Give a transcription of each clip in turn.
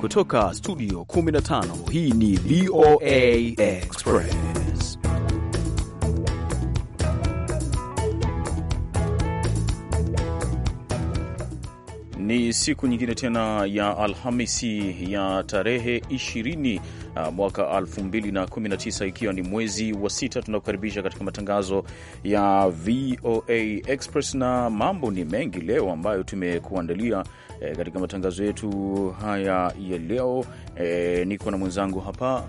Kutoka studio 15 hii ni VOA Express. Ni siku nyingine tena ya Alhamisi ya tarehe 20 uh, mwaka 2019 ikiwa ni mwezi wa sita, tunakukaribisha katika matangazo ya VOA Express na mambo ni mengi leo ambayo tumekuandalia e, katika matangazo yetu haya ya leo e, niko na mwenzangu hapa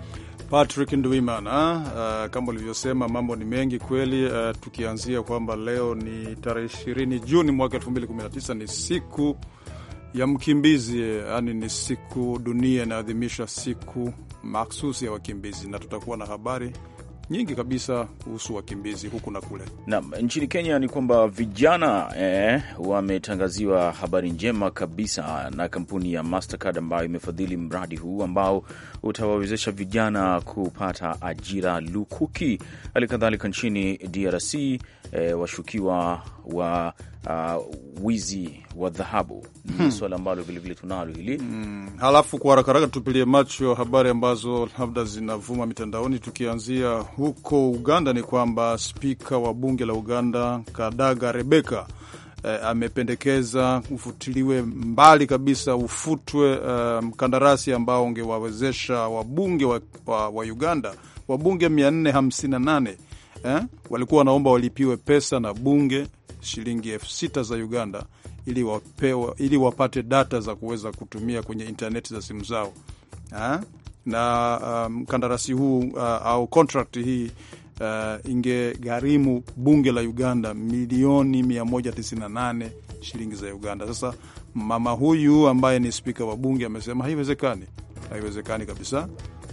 Patrick Ndwimana. Uh, eh, kama ulivyosema mambo ni mengi kweli. Uh, tukianzia kwamba leo ni tarehe ishirini Juni mwaka tisa ni siku ya mkimbizi, yani ni siku dunia inaadhimisha siku maksusi ya wakimbizi, na tutakuwa na habari nyingi kabisa kuhusu wakimbizi huku na kule. Naam, nchini Kenya ni kwamba vijana eh, wametangaziwa habari njema kabisa na kampuni ya Mastercard ambayo imefadhili mradi huu ambao utawawezesha vijana kupata ajira lukuki. Hali kadhalika nchini DRC eh, washukiwa wa uh, wizi wa dhahabu ni hmm, swala ambalo vilevile tunalo hili hmm. Halafu kwa haraka haraka tupilie macho habari ambazo labda zinavuma mitandaoni, tukianzia huko Uganda ni kwamba spika wa bunge la Uganda Kadaga Rebeka eh, amependekeza ufutiliwe mbali kabisa, ufutwe eh, mkandarasi um, ambao ungewawezesha wabunge wa, wa, wa Uganda wabunge 458 eh, walikuwa wanaomba walipiwe pesa na bunge shilingi elfu sita za Uganda ili, wapewa, ili wapate data za kuweza kutumia kwenye intaneti za simu zao ha? na mkandarasi um, huu uh, au contract hii uh, ingegharimu bunge la Uganda milioni 198 shilingi za Uganda. Sasa mama huyu ambaye ni spika wa bunge amesema haiwezekani, haiwezekani kabisa.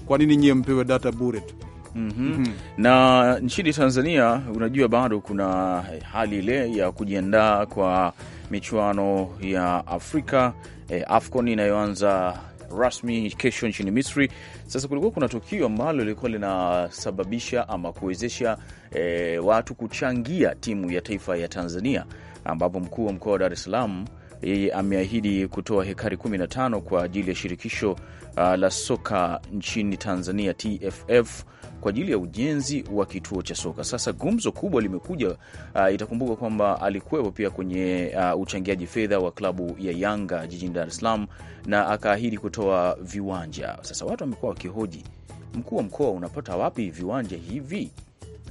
Kwa nini nyie mpewe data bure tu? mm -hmm. Mm -hmm. Na nchini Tanzania unajua bado kuna hali ile ya kujiandaa kwa michuano ya Afrika eh, AFCON inayoanza rasmi kesho nchini Misri. Sasa kulikuwa kuna tukio ambalo lilikuwa linasababisha ama kuwezesha eh, watu kuchangia timu ya taifa ya Tanzania ambapo mkuu wa mkoa wa Dar es Salaam yeye ameahidi kutoa hekari 15 kwa ajili ya shirikisho uh, la soka nchini Tanzania TFF kwa ajili ya ujenzi wa kituo cha soka. Sasa gumzo kubwa limekuja. Uh, itakumbuka kwamba alikuwepo pia kwenye uh, uchangiaji fedha wa klabu ya Yanga jijini Dar es Salaam na akaahidi kutoa viwanja. Sasa watu wamekuwa wakihoji, mkuu wa mkoa unapata wapi viwanja hivi?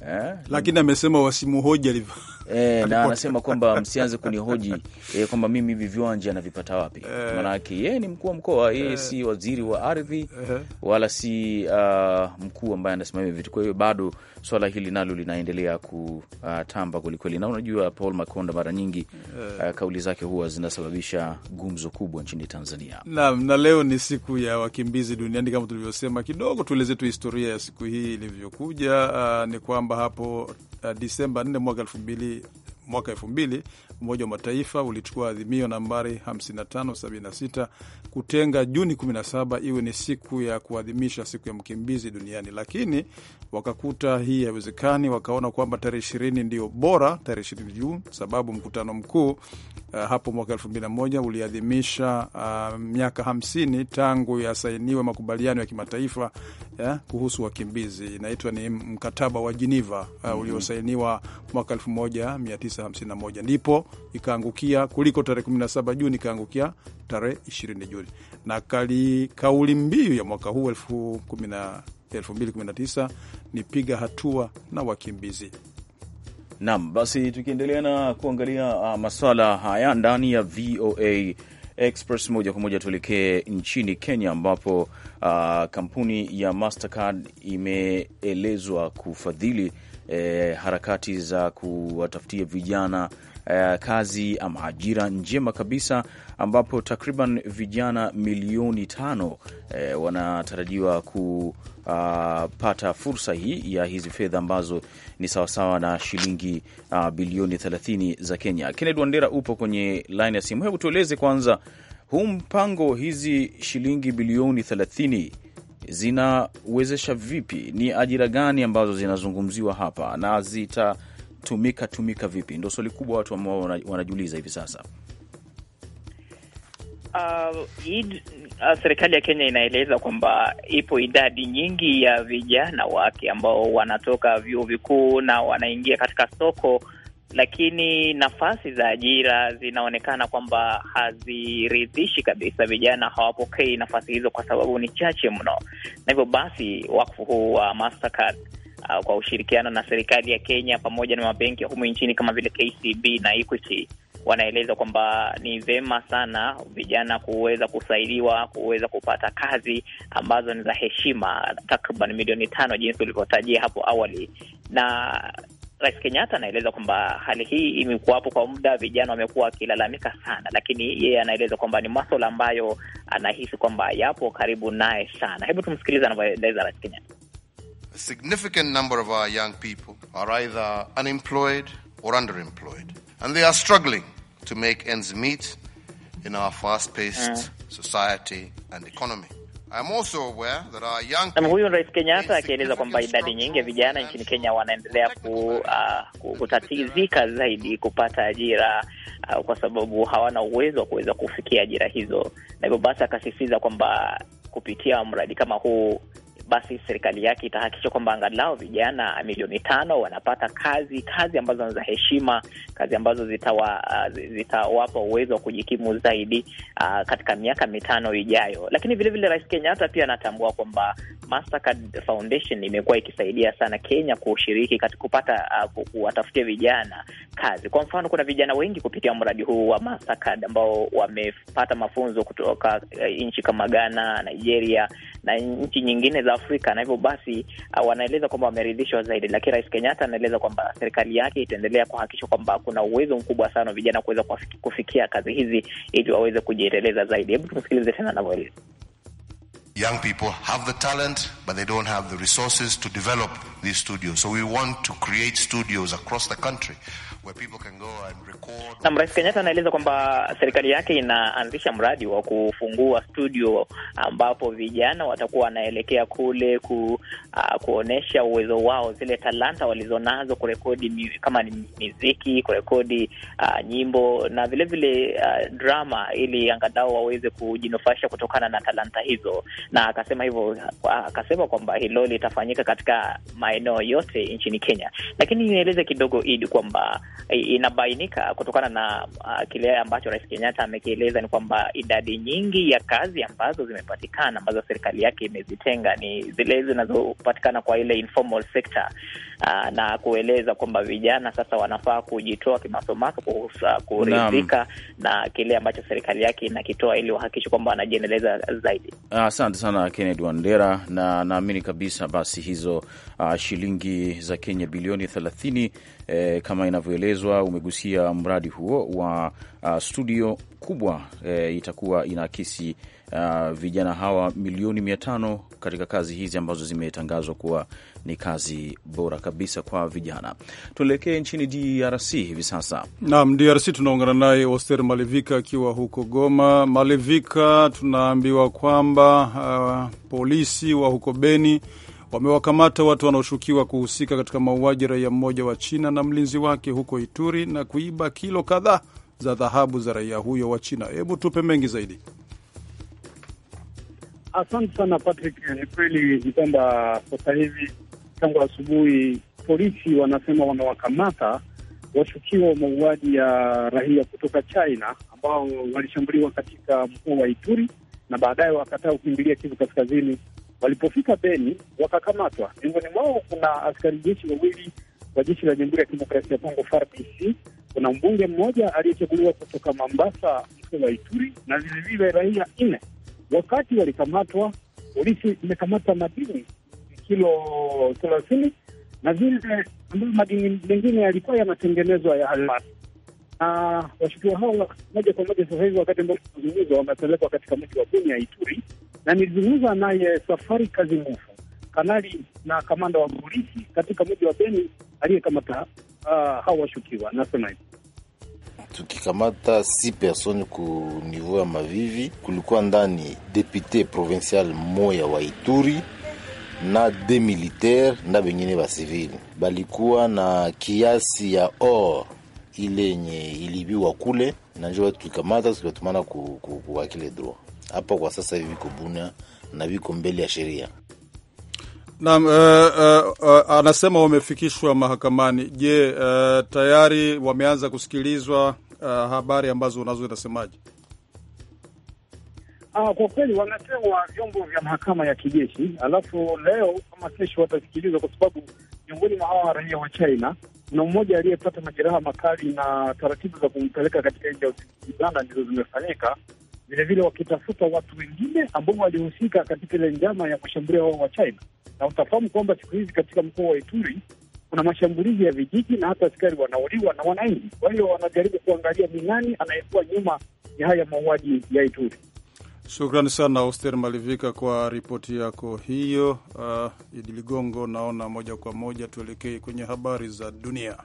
Eh? lakini amesema wasimhoji alivyo. Eh, na anasema kwamba msianze kunihoji eh, kwamba mimi hivi viwanja navipata wapi? Eh, maanake yeye ni mkuu wa mkoa, yeye eh, si waziri wa ardhi eh, wala si uh, mkuu ambaye anasimamia vitu. Kwa hiyo bado swala hili nalo linaendelea kutamba kwelikweli, na unajua Paul Makonda mara nyingi eh, uh, kauli zake huwa zinasababisha gumzo kubwa nchini Tanzania. Naam, na leo ni siku ya wakimbizi duniani kama tulivyosema. Kidogo tueleze tu historia ya siku hii ilivyokuja. Uh, ni kwamba kwamba hapo uh, Disemba 4 mwaka elfu mbili mwaka mbili Umoja wa Mataifa ulichukua adhimio nambari 5576 kutenga Juni 17 iwe ni siku ya kuadhimisha siku ya mkimbizi duniani, lakini wakakuta hii haiwezekani. Wakaona kwamba tarehe ishirini ndio bora, tarehe ishirini Juni, sababu mkutano mkuu uh, hapo mwaka moja uliadhimisha uh, miaka 50 tangu yasainiwe makubaliano ya kimataifa ya, eh, kuhusu wakimbizi, inaitwa ni mkataba wa Jiniva uh, eh, mm-hmm. uliosainiwa mwaka 19 51 ndipo ikaangukia kuliko tarehe 17 Juni, ikaangukia tarehe 20 Juni. Na kali kauli mbiu ya mwaka huu 2019 ni piga hatua na wakimbizi. Naam, basi tukiendelea na kuangalia maswala haya ndani ya VOA Express moja kwa moja tuelekee nchini Kenya ambapo uh, kampuni ya Mastercard imeelezwa kufadhili eh, harakati za kuwatafutia vijana eh, kazi ama ajira njema kabisa, ambapo takriban vijana milioni tano eh, wanatarajiwa kupata ah, uh, fursa hii ya hizi fedha ambazo ni sawasawa na shilingi uh, bilioni 30 za Kenya. Kennedy Wandera, upo kwenye line ya simu, hebu tueleze kwanza huu mpango, hizi shilingi bilioni 30 zinawezesha vipi, ni ajira gani ambazo zinazungumziwa hapa na zitatumika tumika vipi? Ndo swali kubwa watu ambao wanajiuliza hivi sasa. Uh, uh, serikali ya Kenya inaeleza kwamba ipo idadi nyingi ya vijana wake ambao wanatoka vyuo vikuu na wanaingia katika soko lakini nafasi za ajira zinaonekana kwamba haziridhishi kabisa. Vijana hawapokei nafasi hizo kwa sababu ni chache mno, na hivyo basi wakfu huu wa Mastercard uh, kwa ushirikiano na serikali ya Kenya pamoja na mabenki ya humu nchini kama vile KCB na Equity wanaeleza kwamba ni vema sana vijana kuweza kusaidiwa kuweza kupata kazi ambazo ni za heshima, takriban milioni tano jinsi ulivyotajia hapo awali na Rais Kenyatta anaeleza kwamba hali hii imekuwapo kwa muda, vijana wamekuwa wakilalamika sana, lakini yeye anaeleza kwamba ni maswala ambayo anahisi kwamba yapo karibu naye sana. Hebu tumsikiliza anavyoeleza Rais Kenyatta. A significant number of our young people are either unemployed or underemployed and they are struggling to make ends meet in our fast-paced mm. society and economy na huyu Rais Kenyatta akieleza kwamba idadi nyingi ya vijana nchini Kenya wanaendelea ku, uh, kutatizika zaidi kupata ajira uh, kwa sababu hawana uwezo wa kuweza kufikia ajira hizo, na hivyo basi akasisitiza kwamba kupitia mradi kama huu basi serikali yake itahakikisha kwamba angalau vijana milioni tano wanapata kazi, kazi ambazo za heshima, kazi ambazo uh, zitawapa uh, zita uwezo wa kujikimu zaidi uh, katika miaka mitano ijayo. Lakini vilevile Rais Kenyatta pia anatambua kwamba Mastercard Foundation imekuwa ikisaidia sana Kenya kushiriki katika kupata uh, kuwatafutia vijana kazi. Kwa mfano, kuna vijana wengi kupitia mradi huu wa Mastercard ambao wamepata mafunzo kutoka uh, nchi kama Ghana, Nigeria na nchi nyingine za Afrika, na hivyo basi uh, wanaeleza kwamba wameridhishwa zaidi, lakini Rais Kenyatta anaeleza kwamba serikali yake itaendelea kuhakikisha kwamba kuna uwezo mkubwa sana wa vijana kuweza kufikia kazi hizi ili waweze kujiendeleza zaidi. Hebu tumsikilize tena anavyoeleza. Young people have the talent, but they don't have the resources to develop these studios. So we want to create studios across the country na Rais Kenyatta anaeleza kwamba serikali yake inaanzisha mradi wa kufungua studio ambapo vijana watakuwa wanaelekea kule ku, uh, ah, kuonyesha uwezo wao, zile talanta walizonazo, kurekodi kama ni miziki, kurekodi uh, nyimbo na vilevile vile, uh, drama, ili angadao waweze kujinufaisha kutokana na talanta hizo, na akasema hivyo, akasema kwamba hilo litafanyika katika maeneo yote nchini Kenya, lakini nieleze kidogo Idi kwamba inabainika kutokana na uh, kile ambacho Rais Kenyatta amekieleza ni kwamba idadi nyingi ya kazi ambazo zimepatikana ambazo serikali yake imezitenga ni zile zinazopatikana kwa ile informal sector uh, na kueleza kwamba vijana sasa wanafaa kujitoa kimasomaso ah, kuridhika na kile ambacho serikali yake inakitoa ili wahakikishe kwamba wanajiendeleza zaidi. Asante uh, sana Kennedy Wandera, na naamini kabisa basi hizo uh, shilingi za Kenya bilioni thelathini eh, kama inavyoelezwa umegusia mradi huo wa uh, studio kubwa eh, itakuwa inaakisi uh, vijana hawa milioni mia tano katika kazi hizi ambazo zimetangazwa kuwa ni kazi bora kabisa kwa vijana. Tuelekee nchini DRC hivi sasa. Naam, DRC tunaungana naye Oster Malevika akiwa huko Goma. Malevika, tunaambiwa kwamba uh, polisi wa huko Beni wamewakamata watu wanaoshukiwa kuhusika katika mauaji raia mmoja wa China na mlinzi wake huko Ituri na kuiba kilo kadhaa za dhahabu za raia huyo wa China. Hebu tupe mengi zaidi. Asante sana Patrick. Ni kweli ni kwamba sasa hivi tangu asubuhi, polisi wanasema wamewakamata washukiwa wa mauaji ya raia kutoka China ambao walishambuliwa katika mkoa wa Ituri na baadaye wakataa kukimbilia Kivu Kaskazini. Walipofika Beni wakakamatwa. Miongoni mwao kuna askari jeshi wawili wa jeshi la Jamhuri ya Kidemokrasia ya Kongo, FARDC. Kuna mbunge mmoja aliyechaguliwa kutoka Mambasa, mkoa wa Ituri, na vilevile raia nne. Wakati walikamatwa, polisi imekamata madini kilo thelathini na vile ambayo madini mengine yalikuwa yanatengenezwa ya almasi. Na washukiwa hao moja kwa moja sasa hivi, wakati ambao tunazungumza, wamepelekwa katika mji wa Bunia, Ituri, na nilizungumza naye Safari Kazi Ngufu, kanali na kamanda wa polisi katika mji wa Beni aliyekamata uh, hao washukiwa. Nasema hivi tukikamata si persone ku niveau ya Mavivi, kulikuwa ndani depute provincial moya wa Ituri na de militaire na bengine ba civil balikuwa na kiasi ya or ile yenye ilibiwa kule, na njo watu tulikamata tuliwatumana kuwakile ku, droit hapa kwa sasa hivi viko Bunia na viko mbele ya sheria. Naam, uh, uh, uh, anasema wamefikishwa mahakamani. Je, uh, tayari wameanza kusikilizwa? Uh, habari ambazo unazo inasemaje? Ah, kwa kweli wanapewa vyombo vya mahakama ya kijeshi, alafu leo kama kesho watasikilizwa, kwa sababu miongoni mwa hawa raia wa China kuna mmoja aliyepata majeraha makali na taratibu za kumpeleka katika nchi ya Uganda ndizo zimefanyika. Vilevile wakitafuta watu wengine ambao walihusika katika ile njama ya kushambulia wao wa China, na utafahamu kwamba siku hizi katika mkoa wa Ituri kuna mashambulizi ya vijiji na hata askari wanauliwa na wananchi. Kwa hiyo wanajaribu kuangalia ni nani anayekuwa nyuma ya haya mauaji ya Ituri. Shukrani sana oster Malivika kwa ripoti yako hiyo. Uh, Idi Ligongo, naona moja kwa moja tuelekee kwenye habari za dunia.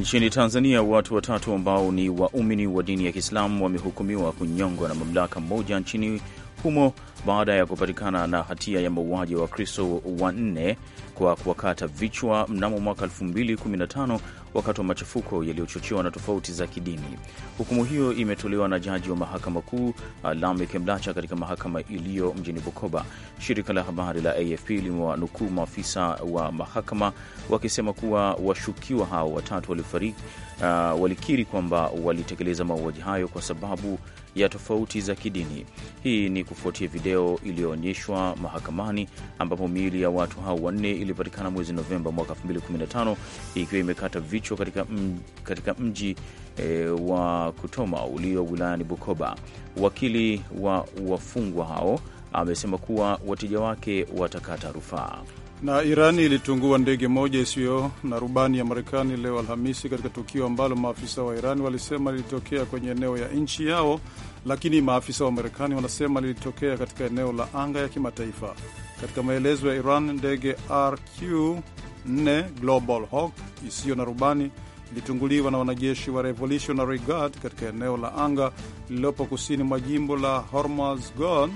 Nchini Tanzania, watu watatu ambao ni waumini wa dini ya Kiislamu wamehukumiwa kunyongwa na mamlaka moja nchini humo baada ya kupatikana na hatia ya mauaji wa Wakristo wanne kwa kuwakata vichwa mnamo mwaka 2015 wakati wa machafuko yaliyochochewa na tofauti za kidini. Hukumu hiyo imetolewa na jaji wa mahakama kuu uh, Lamek Mlacha katika mahakama iliyo mjini Bukoba. Shirika la habari la AFP limewanukuu maafisa wa mahakama wakisema kuwa washukiwa hao watatu walifariki, uh, walikiri kwamba walitekeleza mauaji hayo kwa sababu ya tofauti za kidini. Hii ni kufuatia video iliyoonyeshwa mahakamani ambapo miili ya watu hao wanne ilipatikana mwezi Novemba mwaka 2015 ikiwa imekata vichwa katika, m, katika mji e, wa Kutoma ulio wilayani Bukoba. Wakili wa wafungwa hao amesema kuwa wateja wake watakata rufaa. Na Irani ilitungua ndege moja isiyo na rubani ya Marekani leo Alhamisi, katika tukio ambalo maafisa wa Irani walisema lilitokea kwenye eneo ya nchi yao, lakini maafisa wa Marekani wanasema lilitokea katika eneo la anga ya kimataifa. Katika maelezo ya Iran, ndege RQ4 Global Hawk isiyo na rubani ilitunguliwa na wanajeshi wa Revolutionary Guard katika eneo la anga lililopo kusini mwa jimbo la Hormozgan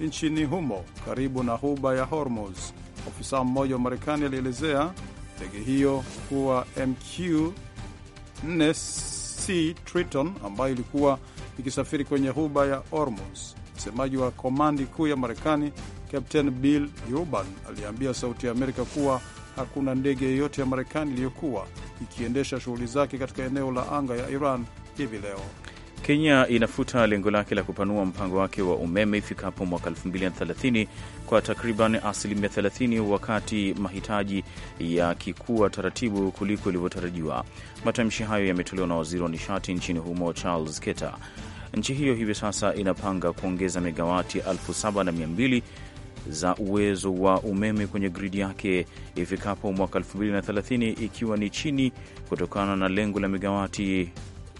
nchini humo karibu na huba ya Hormuz. Ofisa mmoja wa Marekani alielezea ndege hiyo kuwa MQ 4C Triton ambayo ilikuwa ikisafiri kwenye huba ya Ormus. Msemaji wa komandi kuu ya Marekani Captain Bill Urban aliambia Sauti ya Amerika kuwa hakuna ndege yeyote ya Marekani iliyokuwa ikiendesha shughuli zake katika eneo la anga ya Iran hivi leo. Kenya inafuta lengo lake la kupanua mpango wake wa umeme ifikapo mwaka 2030 kwa takriban asilimia 30, wakati mahitaji yakikuwa taratibu kuliko ilivyotarajiwa. Matamshi hayo yametolewa na waziri wa nishati nchini humo Charles Keta. Nchi hiyo hivi sasa inapanga kuongeza megawati 7200 za uwezo wa umeme kwenye gridi yake ifikapo mwaka 2030 ikiwa ni chini kutokana na lengo la megawati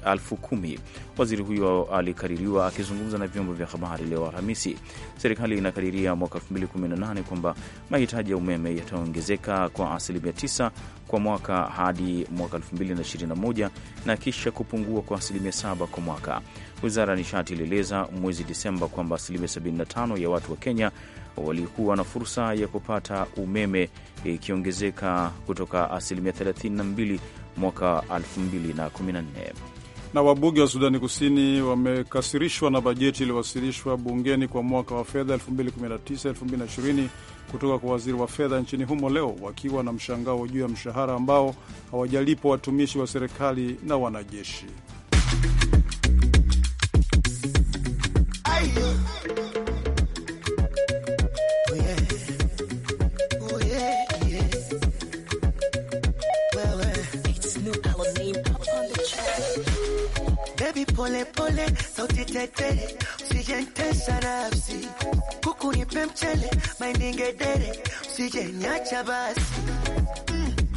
elfu kumi. Waziri huyo alikaririwa akizungumza na vyombo vya habari leo Alhamisi. Serikali inakadiria mwaka 2018 kwamba mahitaji ya umeme yataongezeka kwa asilimia 9 kwa mwaka hadi mwaka 2021 na kisha kupungua kwa asilimia 7 kwa mwaka. Wizara ya nishati ilieleza mwezi Disemba kwamba asilimia 75 ya watu wa Kenya walikuwa na fursa ya kupata umeme ikiongezeka kutoka asilimia 32 mwaka 2014. Na wabunge wa Sudani Kusini wamekasirishwa na bajeti iliyowasilishwa bungeni kwa mwaka wa fedha 2019-2020 kutoka kwa waziri wa fedha nchini humo leo, wakiwa na mshangao juu ya mshahara ambao hawajalipwa watumishi wa serikali na wanajeshi. kelele, sauti tete, usije nitesa nafsi, kuku nipe mchele, mahindi usije niacha basi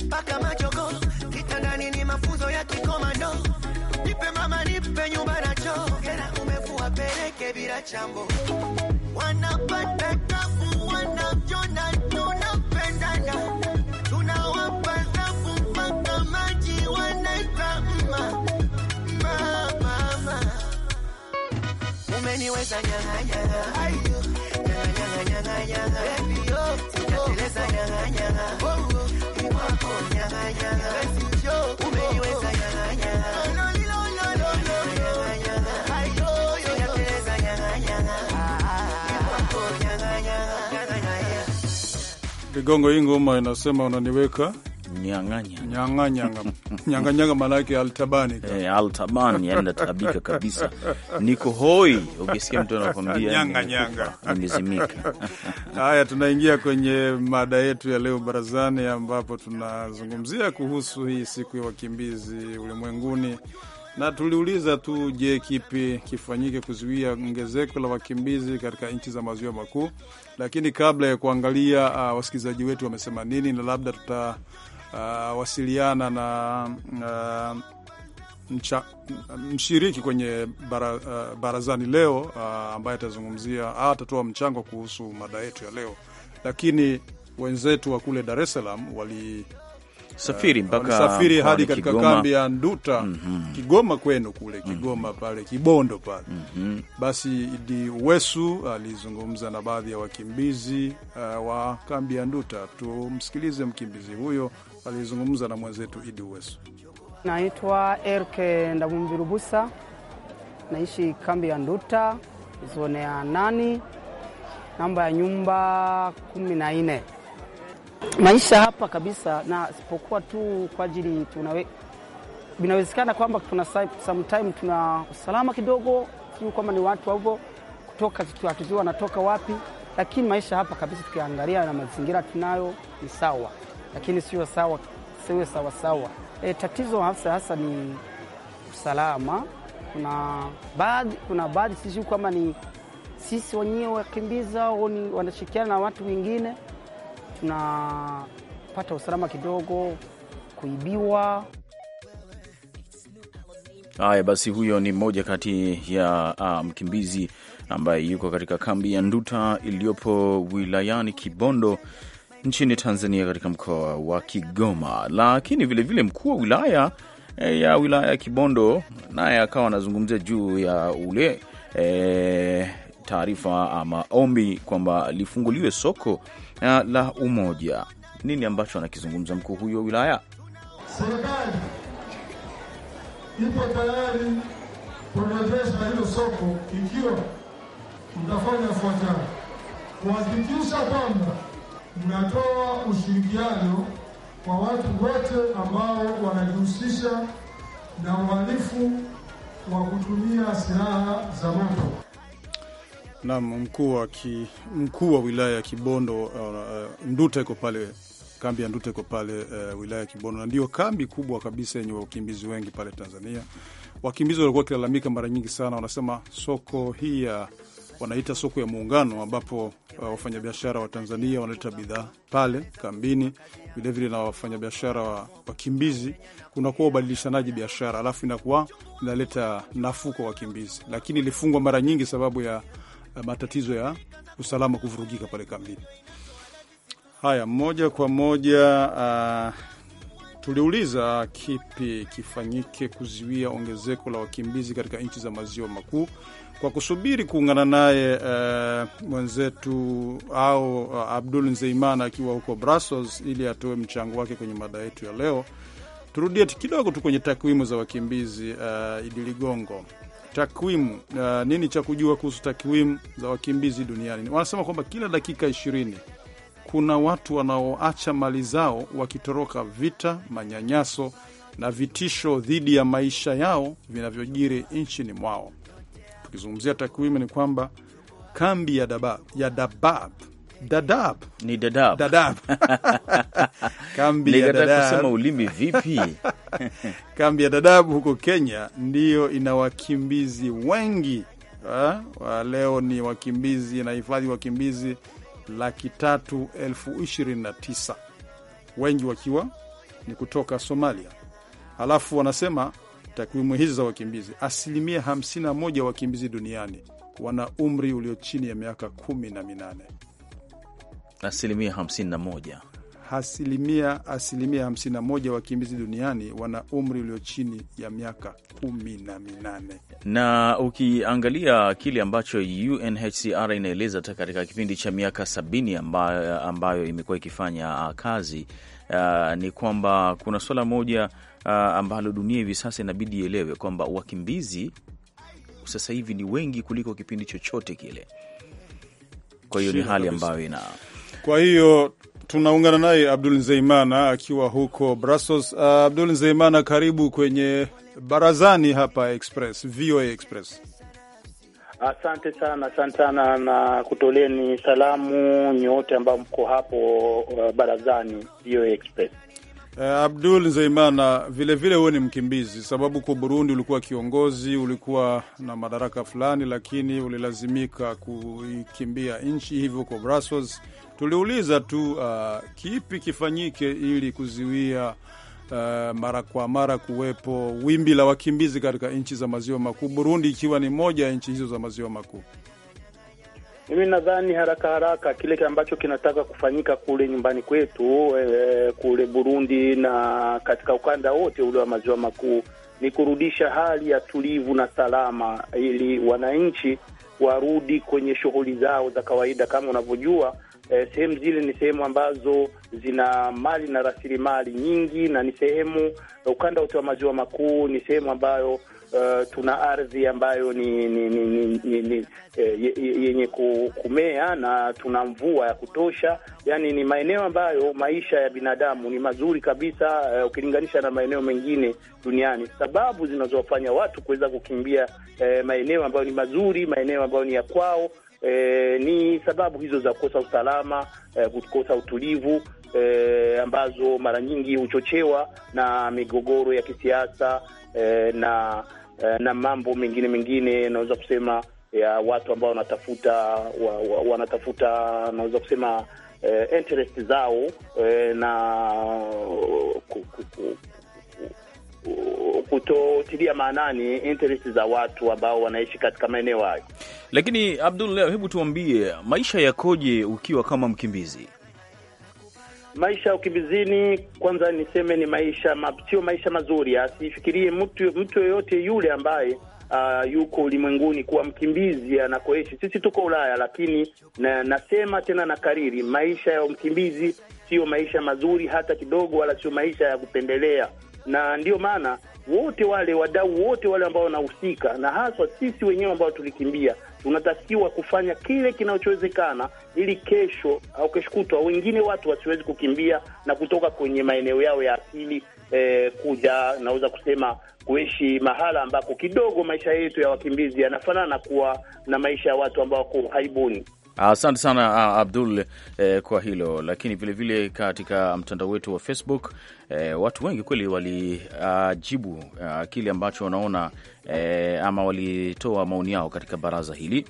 mpaka mm, majogo kitandani, ni mafunzo ya kikomando, nipe mama, nipe nyumba na choo, kera umevua, peleke bila chambo, wanapata umeniweza nyanga nyanga inasema unaniweka nyanganyanga malaki altabani e, yani natabika kabisa, niko hoi. Ukisikia mtu anakwambia nyanganyanga nimezimika. Haya, tunaingia kwenye mada yetu ya leo barazani, ambapo tunazungumzia kuhusu hii siku ya wakimbizi ulimwenguni na tuliuliza tu, je, kipi kifanyike kuzuia ongezeko la wakimbizi katika nchi za maziwa makuu? Lakini kabla ya kuangalia uh, wasikilizaji wetu wamesema nini, na labda tuta uh, wasiliana na uh, Mcha, mshiriki kwenye bara, uh, barazani leo uh, ambaye atazungumzia atatoa mchango kuhusu mada yetu ya leo, lakini wenzetu wa kule Dar es Salaam wali safiri mpaka safiri hadi katika kambi ya Nduta mm -hmm. Kigoma kwenu kule mhm. Kigoma mm -hmm. pale Kibondo pale mm -hmm. Basi Idi Wesu alizungumza na baadhi ya wakimbizi uh, wa kambi ya Nduta. Tumsikilize mkimbizi huyo alizungumza na mwenzetu Idi Uweso. Naitwa Erke Ndabumvirubusa, naishi kambi ya Nduta, zone ya nani, namba ya nyumba kumi na nne. Maisha hapa kabisa, na sipokuwa tu kwa ajili tunawe, inawezekana kwamba tuna sometime tuna usalama kidogo, sijui kwamba ni watu wavo kutoka, hatujua wanatoka wapi, lakini maisha hapa kabisa, tukiangalia na mazingira tunayo ni sawa lakini sio sawa, siwe sawasawa. E, tatizo hasa hasa ni usalama. Kuna baadhi kuna baadhi sisi kama ni sisi wenyewe wakimbiza au ni wanashirikiana na watu wengine, tunapata usalama kidogo, kuibiwa. Haya basi, huyo ni mmoja kati ya uh, mkimbizi ambaye yuko katika kambi ya Nduta iliyopo wilayani Kibondo nchini Tanzania, katika mkoa wa Kigoma. Lakini vilevile mkuu wa wilaya e, ya wilaya ya Kibondo naye akawa anazungumzia juu ya ule e, taarifa ama ombi kwamba lifunguliwe soko na, e, la Umoja. Nini ambacho anakizungumza mkuu huyo wa wilaya? Serikali ipo tayari kurejesha hilo soko ikiwa mtafanya fuatao kuhakikisha kwamba mnatoa ushirikiano kwa watu wote ambao wanajihusisha na uhalifu wa kutumia silaha za moto. Naam, mkuu wa wilaya ya Kibondo uh, uh, Nduta iko pale kambi ya Nduta iko pale uh, wilaya ya Kibondo, na ndio kambi kubwa kabisa yenye wakimbizi wengi pale Tanzania. Wakimbizi walikuwa wakilalamika mara nyingi sana, wanasema soko hii ya uh, wanaita soko ya Muungano, ambapo uh, wafanyabiashara wa Tanzania wanaleta bidhaa pale kambini, vilevile na wafanyabiashara wa wakimbizi. Kunakuwa ubadilishanaji biashara, alafu inakuwa inaleta nafuu kwa wakimbizi, lakini ilifungwa mara nyingi sababu ya uh, matatizo ya usalama kuvurugika pale kambini. Haya, moja kwa moja uh, tuliuliza kipi kifanyike kuzuia ongezeko la wakimbizi katika nchi za maziwa makuu kwa kusubiri kuungana naye uh, mwenzetu au uh, Abdul Nzeimana akiwa huko Brussels ili atoe mchango wake kwenye mada yetu ya leo. Turudie kidogo tu kwenye takwimu za wakimbizi uh, Idi Ligongo, takwimu uh, nini cha kujua kuhusu takwimu za wakimbizi duniani? Wanasema kwamba kila dakika ishirini kuna watu wanaoacha mali zao wakitoroka vita, manyanyaso na vitisho dhidi ya maisha yao vinavyojiri nchini mwao tukizungumzia takwimu ni kwamba kambi ya Dabab, ya Dabab Dadab ni Dadab, Dadab. kambi ya Dadab kusema ulimi vipi? kambi ya Dadab huko Kenya ndiyo ina wakimbizi wengi ha? wa leo ni wakimbizi na hifadhi wakimbizi laki tatu elfu ishirini na tisa wengi wakiwa ni kutoka Somalia. Halafu wanasema takwimu hizi za wakimbizi, asilimia 51 wakimbizi duniani wana umri ulio chini ya miaka kumi na minane. Asilimia 51 asilimia asilimia 51 wakimbizi duniani wana umri ulio chini ya miaka kumi na minane. Na ukiangalia kile ambacho UNHCR inaeleza katika kipindi cha miaka sabini ambayo, ambayo imekuwa ikifanya kazi uh, ni kwamba kuna suala moja uh, ambalo dunia hivi sasa inabidi ielewe kwamba wakimbizi sasa hivi ni wengi kuliko kipindi chochote kile. Kwa hiyo ni hali ambayo ina kwa hiyo tunaungana naye Abdul Nzeimana akiwa huko Brussels. Uh, Abdul Nzeimana, karibu kwenye barazani hapa Express, VOA Express. Asante sana, asante sana na kutoleni salamu nyote ambao mko hapo uh, barazani VOA Express. Uh, Abdul Nzeimana, vilevile wewe ni mkimbizi, sababu kwa Burundi ulikuwa kiongozi, ulikuwa na madaraka fulani, lakini ulilazimika kuikimbia nchi, hivyo kwa Brussels. Tuliuliza tu uh, kipi kifanyike ili kuziwia uh, eh, mara kwa mara kuwepo wimbi la wakimbizi katika nchi za maziwa makuu, Burundi ikiwa ni moja ya nchi hizo za maziwa makuu. Mimi nadhani haraka haraka kile ambacho kinataka kufanyika kule nyumbani kwetu e, kule Burundi na katika ukanda wote ule wa maziwa makuu ni kurudisha hali ya tulivu na salama, ili wananchi warudi kwenye shughuli zao za kawaida. Kama unavyojua e, sehemu zile ni sehemu ambazo zina mali na rasilimali nyingi, na ni sehemu ukanda wote wa maziwa makuu ni sehemu ambayo uh, tuna ardhi ambayo ni, ni, ni, ni, ni, ni eh, yenye kumea na tuna mvua ya kutosha. Yani ni maeneo ambayo maisha ya binadamu ni mazuri kabisa uh, ukilinganisha na maeneo mengine duniani. Sababu zinazowafanya watu kuweza kukimbia uh, maeneo ambayo ni mazuri, maeneo ambayo ni ya kwao uh, ni sababu hizo za kukosa usalama uh, kukosa utulivu e, ambazo mara nyingi huchochewa na migogoro ya kisiasa e, na Eh, na mambo mengine mengine, naweza kusema ya watu ambao wanatafuta wa, wa, wanatafuta naweza kusema eh, interest zao eh, na kutotilia maanani interest za watu ambao wanaishi katika maeneo hayo. Lakini Abdul, leo hebu tuambie maisha yakoje ukiwa kama mkimbizi? Maisha ya ukimbizini, kwanza niseme ni maisha ma, sio maisha mazuri. Asifikirie mtu mtu yoyote yule ambaye Uh, yuko ulimwenguni kuwa mkimbizi anakoishi. Sisi tuko Ulaya, lakini na, nasema tena na kariri, maisha ya mkimbizi sio maisha mazuri hata kidogo, wala sio maisha ya kupendelea, na ndiyo maana wote wale wadau wote wale ambao wanahusika na haswa sisi wenyewe ambao tulikimbia, tunatakiwa kufanya kile kinachowezekana ili kesho au kesho kutwa wengine watu wasiwezi kukimbia na kutoka kwenye maeneo yao ya asili eh, kuja naweza kusema kuishi mahala ambako kidogo maisha yetu ya wakimbizi yanafanana kuwa na maisha ya watu ambao wako haibuni. Asante sana Abdul uh, kwa hilo. Lakini vilevile vile katika mtandao wetu wa Facebook uh, watu wengi kweli walijibu uh, uh, kile ambacho wanaona uh, ama walitoa maoni yao katika baraza hili.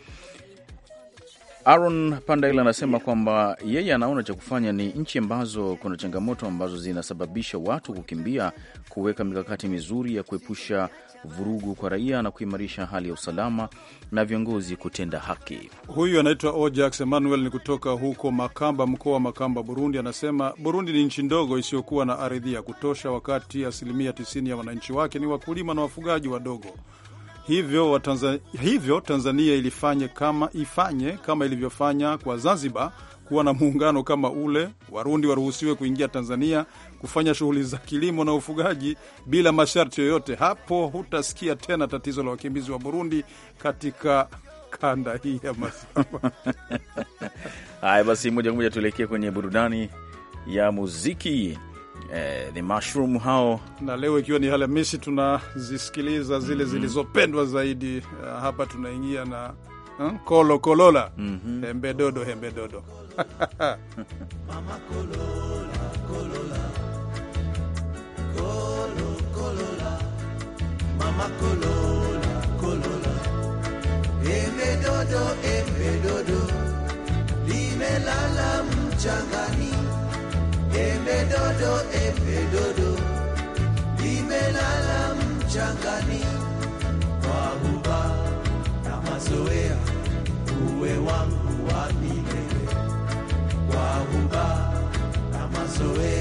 Aaron Pandail anasema kwamba yeye anaona cha kufanya ni nchi ambazo kuna changamoto ambazo zinasababisha watu kukimbia, kuweka mikakati mizuri ya kuepusha vurugu kwa raia na kuimarisha hali ya usalama na viongozi kutenda haki. Huyu anaitwa Ojax Emmanuel, ni kutoka huko Makamba, mkoa wa Makamba, Burundi. Anasema Burundi ni nchi ndogo isiyokuwa na ardhi ya kutosha, wakati asilimia 90 ya wananchi wake ni wakulima na wafugaji wadogo. Hivyo, Tanzania, hivyo Tanzania ilifanye kama, ifanye kama ilivyofanya kwa Zanzibar kuwa na muungano kama ule. Warundi waruhusiwe kuingia Tanzania kufanya shughuli za kilimo na ufugaji bila masharti yoyote. Hapo hutasikia tena tatizo la wakimbizi wa Burundi katika kanda hii ya masafa. Haya basi, moja kwa moja tuelekee kwenye burudani ya muziki. Eh, Mushroom hao, na leo ikiwa ni Alhamisi tunazisikiliza zile mm -hmm. zilizopendwa zaidi. Uh, hapa tunaingia na uh, kolo kolola mm -hmm. hembe dodo hembe dodo Colo, colola, mama colola, colola. Embe dodo, embe dodo, limelala mchangani. Embe dodo, embe dodo, limelala mchangani. Kwa huba na mazoea, uwe wangu wa milele. Kwa huba na mazoea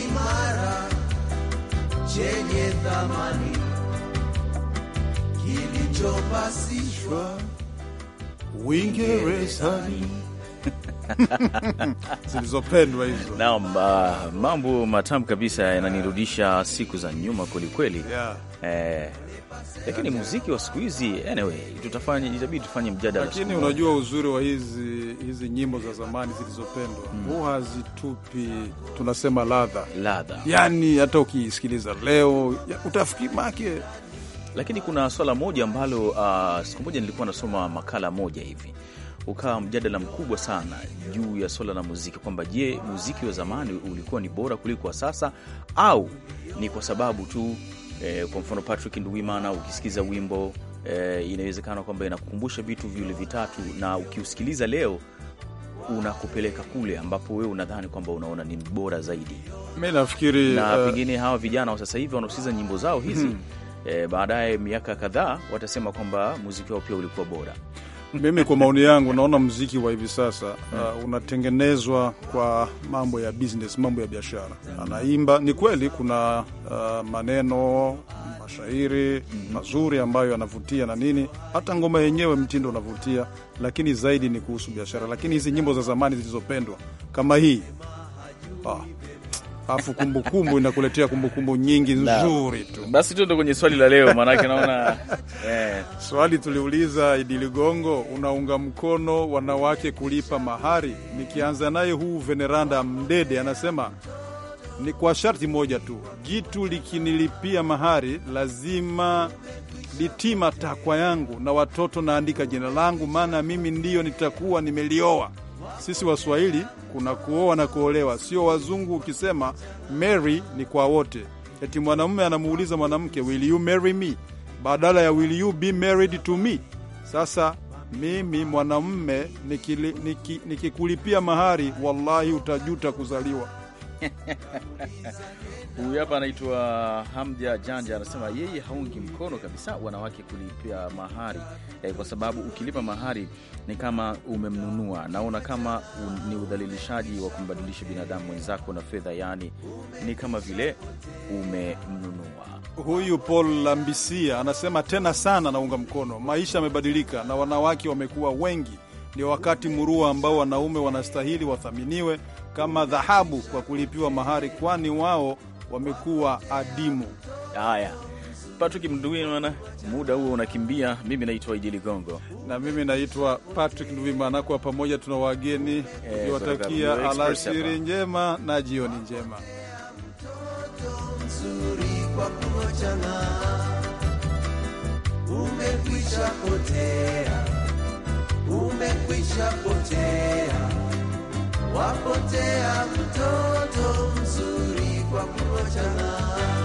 imara chenye thamani kilichopasishwa Uingerezani. zilizopendwa hizo. Naam, ah, mambo matamu kabisa yananirudisha siku za nyuma kwelikweli, yeah. Eh, lakini muziki wa siku hizi anyway, tutafanya itabidi tufanye mjadala, lakini unajua uzuri wa hizi hizi nyimbo za zamani zilizopendwa huu hmm. hazitupi tunasema ladha ladha, yani hata ukiisikiliza leo utafikiri make lakini kuna swala moja ambalo uh, siku moja nilikuwa nasoma makala moja hivi ukawa mjadala mkubwa sana juu ya swala la muziki, kwamba je, muziki wa zamani ulikuwa ni bora kuliko wa sasa au ni kwa sababu tu eh, kwa mfano Patrick Nduwimana ukisikiza wimbo eh, inawezekana kwamba inakukumbusha vitu vile vitatu, na ukiusikiliza leo unakupeleka kule ambapo wewe unadhani kwamba unaona ni bora zaidi. Mi nafikiri na uh... pengine hawa vijana wa sasa hivi wanaosikiza nyimbo zao hizi hmm. E, baadaye miaka kadhaa watasema kwamba muziki wao pia ulikuwa bora. Mimi kwa maoni yangu naona mziki wa hivi sasa uh, unatengenezwa kwa mambo ya business, mambo ya biashara. Anaimba, ni kweli kuna uh, maneno mashairi mazuri ambayo yanavutia na nini, hata ngoma yenyewe mtindo unavutia, lakini zaidi ni kuhusu biashara. Lakini hizi nyimbo za zamani zilizopendwa kama hii ah. Afu kumbukumbu inakuletea kumbukumbu nyingi nzuri tu. Basi tuende kwenye swali la leo, maanake naona yeah. Swali tuliuliza Idi Ligongo, unaunga mkono wanawake kulipa mahari? Nikianza naye huu Veneranda Mdede anasema ni kwa sharti moja tu, jitu likinilipia mahari lazima litima takwa yangu na watoto, naandika jina langu, maana mimi ndiyo nitakuwa nimelioa. Sisi Waswahili kuna kuoa na kuolewa, sio wazungu. Ukisema marry ni kwa wote, eti mwanamume anamuuliza mwanamke will you marry me, badala ya will you be married to me. Sasa mimi mwanamume nikikulipia niki, niki mahari, wallahi utajuta kuzaliwa. Huyu hapa anaitwa Hamja Janja, anasema yeye haungi mkono kabisa wanawake kulipia mahari eh, kwa sababu ukilipa mahari ni kama umemnunua. Naona kama un, ni udhalilishaji wa kumbadilisha binadamu mwenzako na fedha, yani ni kama vile umemnunua. Huyu Paul Lambisia anasema tena sana, naunga mkono. Maisha yamebadilika na wanawake wamekuwa wengi, ndio wakati murua ambao wanaume wanastahili wathaminiwe kama dhahabu kwa kulipiwa mahari, kwani wao wamekuwa adimu. Haya, Patrick Mduimana, muda huo unakimbia. Mimi naitwa Idi Ligongo na mimi naitwa Patrick Nduimana. Kwa pamoja tuna wageni eh, ukiwatakia e, alasiri njema na jioni njema Umekwisha potea, umekwisha potea wapotea mtoto mzuri kwa kuachana.